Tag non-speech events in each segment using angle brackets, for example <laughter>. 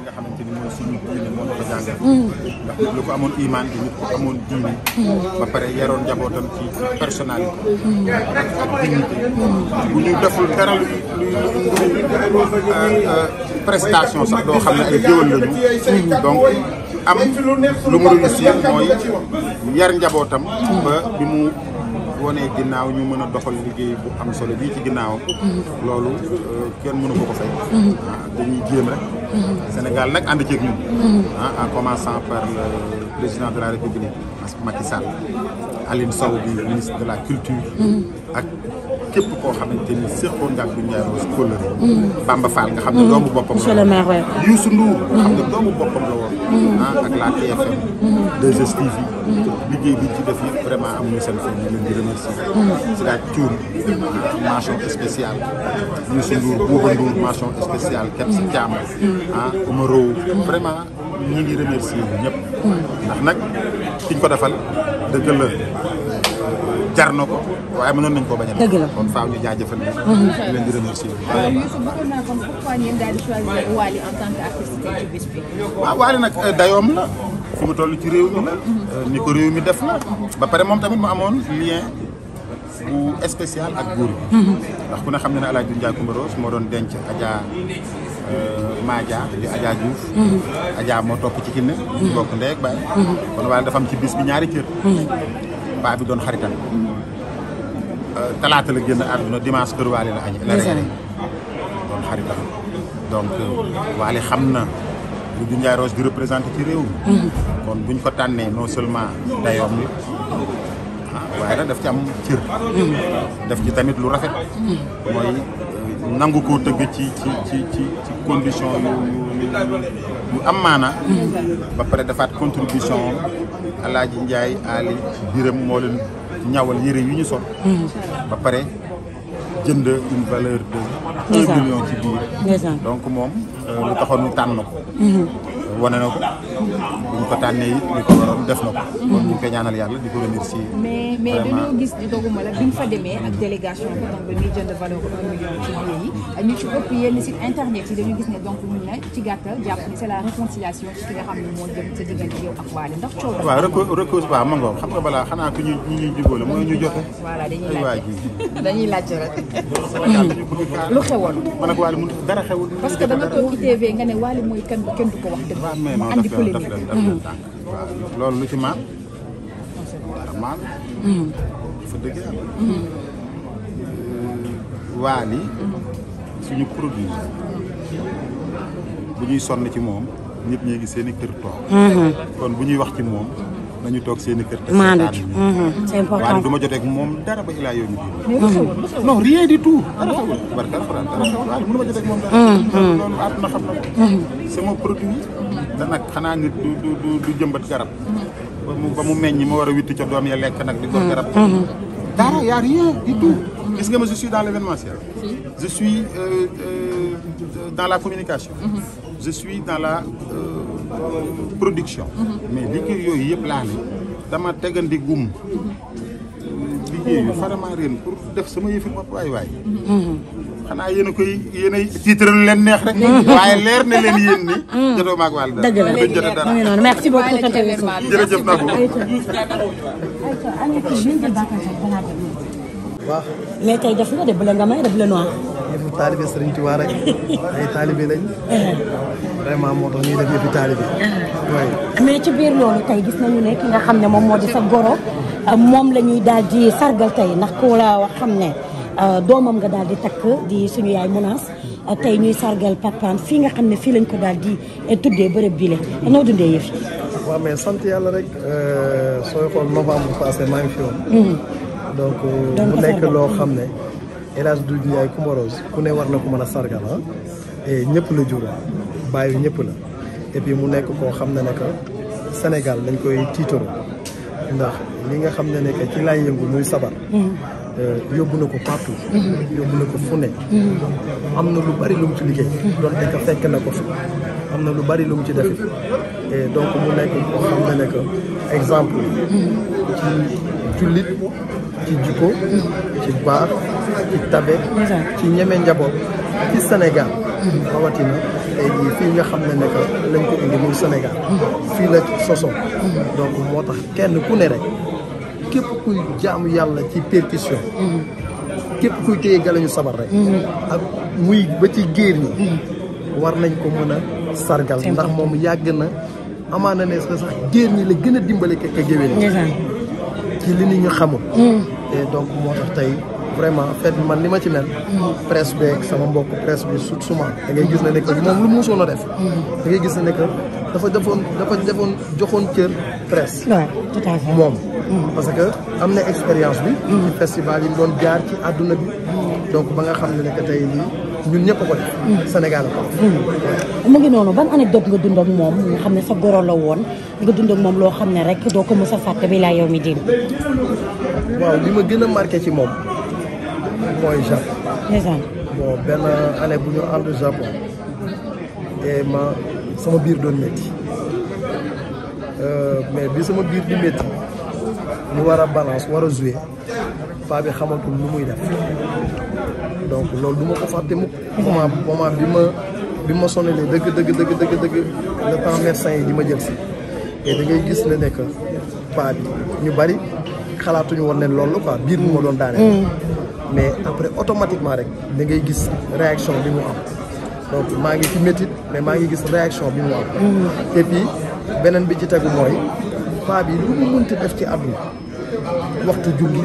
li nga xamante ni mooy suñu diine moo ñu ko jàngal. Mm. ndax nit lu ko amoon imaan bi mm. ba pare yaroon njabootam ci personnalité. Mm. ak dignité. bu ñu deful dara prestation sax doo xam ne ay lañu. donc am lu mu réussir mooy yar njabootam. ba bi mu. wonee ginnaaw ñu mën a doxal liggéey bu am solo bii ci ginnaawam. loolu euh, kenn mënu ko ko fay. Ah, dañuy jéem rek. Sénégal nag ànd ceeg ñun. Ah, en commençant par le président de la République Macky Sall Aline Sow bi ministre de la culture. ak képp koo xamante ni séqoon nga ak bu Ndiaye Rose kóllëre mm. Bamba nga xam ne mm. doomu boppam la. monsieur le maire waay Youssou Ndour nga xam ne mm. doomu boppam la woon. ah ak la TFM. 2STV. liggéey bi ci def yëpp vraiment amuñu seen fan ñu leen di remercier. si daaj Thioune mention spéciale Youssou Ndour Bouba Ndour mention spéciale Kebs Thiam ah Omaro vraiment ñu ngi remercier ñëpp. ndax nag kiñ ko defal da la. jar na ko waaye mënoon nañ ko bañ a def. dëgg la kon faaw ñu jaajëfal mhm. ñu. di leen di remercier. waaw Youssou bëggoon naa nag euh, dayoom la fi mu toll ci réew mi mhm. euh, ni ko réew mi def la. ba pare moom tamit mu amoon lien. bu spécial ak góor mhm. ndax ku ne xam ne na El Hadj Ndiaye Coumba moo doon denc Adja euh, Madia di Adja Diouf moo topp ci kinne bokk ndey ak baay kon waaye dafa ci bis bi ñaari cër paa bi doon xaritam euh, talaata la génn àdduna dimance kër waale la añ la reen doon xaritam donc euh, waale xam na lu du Ndiaye Rose di représenté ci réew mm-hmm. kon buñ ko tànnee non seulement dayoom bi waaye nag daf ci am cër mm-hmm. daf ci tamit lu rafet mm-hmm. mooy nangu ko tëgg ci ci ci ci ci condition yu yu am ba pare defaat contribution Alaaji Njaay Ali Biram moo leen ñawal yére yu ñu sol ba pare jënd une valeur de un million ci biir donc moom euh, lu taxoon ñu tànn ko mhm. wane na ko bu ñu ko tànnee it ñu ko waroon def na ko. kon ñu ngi koy yàlla di ko remercier. mais mais dañoo gis di doguma la bi fa demee ak délégation bi donc ba muy jënd valeur un million ci biir yi ñu ci ëpp yenn gis ne donc ci gàttal jàpp ni la réconciliation ci ki nga xam ne moo jëm sa diggante yow ak Wally ndax coow la. waaw ma ngoog xam nga balaa xanaa ku ñuy ñi la mooy ñu joxe. <laughs> dañuy laajte rek. <laughs> lu xewoon. man ak Wally mu dara xewul. parce que da nga toog ci TV nga ne Wally mooy kenn kenn du ko wax dëgg mu andi polémique hmm. waaw loolu lu ci maan dara maan hmm. dafa dëgg yàlla hmm. euh, waali suñu produit bu ñuy sonn ci moom ñëpp ñee seeni seen kër toog kon bu ñuy wax ci moom nañu toog seen i kër. maandu ci mhm. c'est important waaye du jotee moom dara ba ilaa yow mhm. ñu. non rien du tout. dara xewul bari sama produit da nag jëmbat garab. ba mu ba mu war a witti ca doom ya lekk nag di doon garab. Mhm, dara y a rien du tout. gis nga ma je suis dans l'événementiel. je euh, euh, la communication. je dans la. Euh, production mais liggéey yooyu yëpp laa ne dama tegandi gum liggéey yu farama ren pour def sama yëfi bopp waay waay xanaa yéen a koy yéen a titre lu leen neex rek waaye leer na leen yéen ni mm. jotoo maag wàll dara dëgg la duñ jot dara mu ngi noonu merci na ko waaw mais def nga de bleu nga may de bleu noir. yëfu taalibe Sëriñ Tuubaa rek <laughs> ay taalibe lañ. Eh. vraiment moo tax ñuy def yëfu taalibe. Eh. mais ci biir loolu tey gis nañu ne ki nga xam ne moom moo di sa goro. Euh, moom la ñuy daal di sargal tey ndax ku la wax xam ne euh, doomam nga daal di takk di suñu yaay Mounass euh, tey ñuy sargal papaam fii nga xam ne fii lañ ko daal di tuddee bërëb bile noo dundee yëf yi. waaw mais sant yàlla rek sooy xool novembre passé maa ngi fi woon. Mm. Euh, donc mu nekk loo xam ne El du Doudou Ndiaye Coumba ku ne war na ko mën a sargal ah et ñëpp la jur bàyyi ñëpp la et mu nekk koo xam ne ne Sénégal dañ koy tiitaru ndax li nga xam ne ne que ci laay yëngu muy sabar mm-hmm. euh, yóbbu na ko partout mm-hmm. yóbbu na ko fu mm-hmm. am na lu bari lu ci liggéey doon ko fekk na ko fi am na lu bari lu ci defit donc mu nekk koo xam ne ne exemple ci jullit ci jikko ci baax ci tabe ci ñeme njaboot ci Sénégal rawatina tey fii nga xam ne ne lañ ko indi muy Sénégal fii la soso donc moo tax kenn ku ne rek képp kuy jaamu yàlla ci percussion képp kuy téye galañu sabar rek ak muy ba ci géer ñi mm-hmm. war nañ ko mën a sargal ndax moom yàgg na amaana nees ko sax géer ñi la gën a dimbale kekk géwél ci li ni ñu xamul mm. et donc moo tax tey vraiment fête man li ma ci mel mm. presse beeg sama mbokk presse bi su suma da ngay gis ne ne bi moom lu mu mosoon a def mm. da ngay gis ne ne que dafa defoon dafa defoon joxoon cër presse moom parce que am na expérience bi festival yi doon jaar ci àdduna bi donc ba nga xam ne ne tey lii ñun ñëpp ko def. Mm. Sénégal ko. Mm. mu ngi noonu ban anecdote nga dund moom nga xam ne sa goro la woon nga dund moom loo xam ne rek doo ko mës a fàtte bi laa yow mi diin. waaw li ma gën a marqué ci moom mooy Japon. ndeysaan. benn année bu ñu ànd Japon te sama biir doon métti euh, mais bi sama biir di métti mu war a balance war a jouer paa bi xamatul lu muy def. donc loolu du ma ko fàtte mukk moment moment bi ma bi ma sonalee dëgg dëgg dëgg dëgg dëgg le temps yi di ma jël si et da gis ne nekk paa bi ñu bari xalaatuñu woon ne loolu quoi biir bi ma doon daanee mm. mais après automatiquement rek da ngay gis réaction bi mu am donc maa ngi ci métit mais maa ngi gis réaction bi mu am mm. et beneen bi ci tegu mooy paa bi lu mu mënti def ci àdduna waxtu julli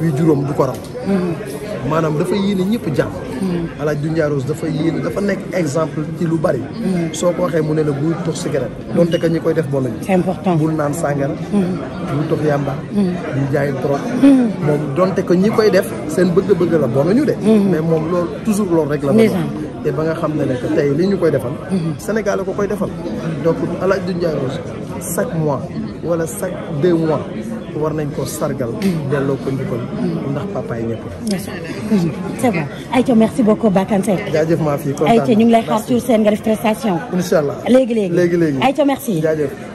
bi juróom du ko raw mm. maanaam dafa yéene ñëpp jàmm. Hmm. alaaj du Ndiarose dafa yéene dafa nekk exemple ci lu bari. Hmm. soo ko waxee mu ne la buy tox cigarette. Hmm. donte que ñi koy def bon lañu. c'est naan sàngara. bul tox yàmba. bul jaay trop. moom donte que ñi koy def seen bëgg-bëgg la bon ñu de. mais moom loolu toujours loolu rek la. te ba nga xam ne ne que tey li ñu koy defal. Sénégal la ko koy defal. donc alaaj du Ndiarose chaque mois. wala chaque de mois war nañ ko sargal. delloo ko njukkal. ndax papa yi ñëpp. c'est bon Aïcha merci beaucoup Bakane Seck. jaajëf maa fi kontaan Aïcha ñu ngi lay xaar def prestation. incha allah léegi léegi léegi léegi. Aïcha merci jaajëf.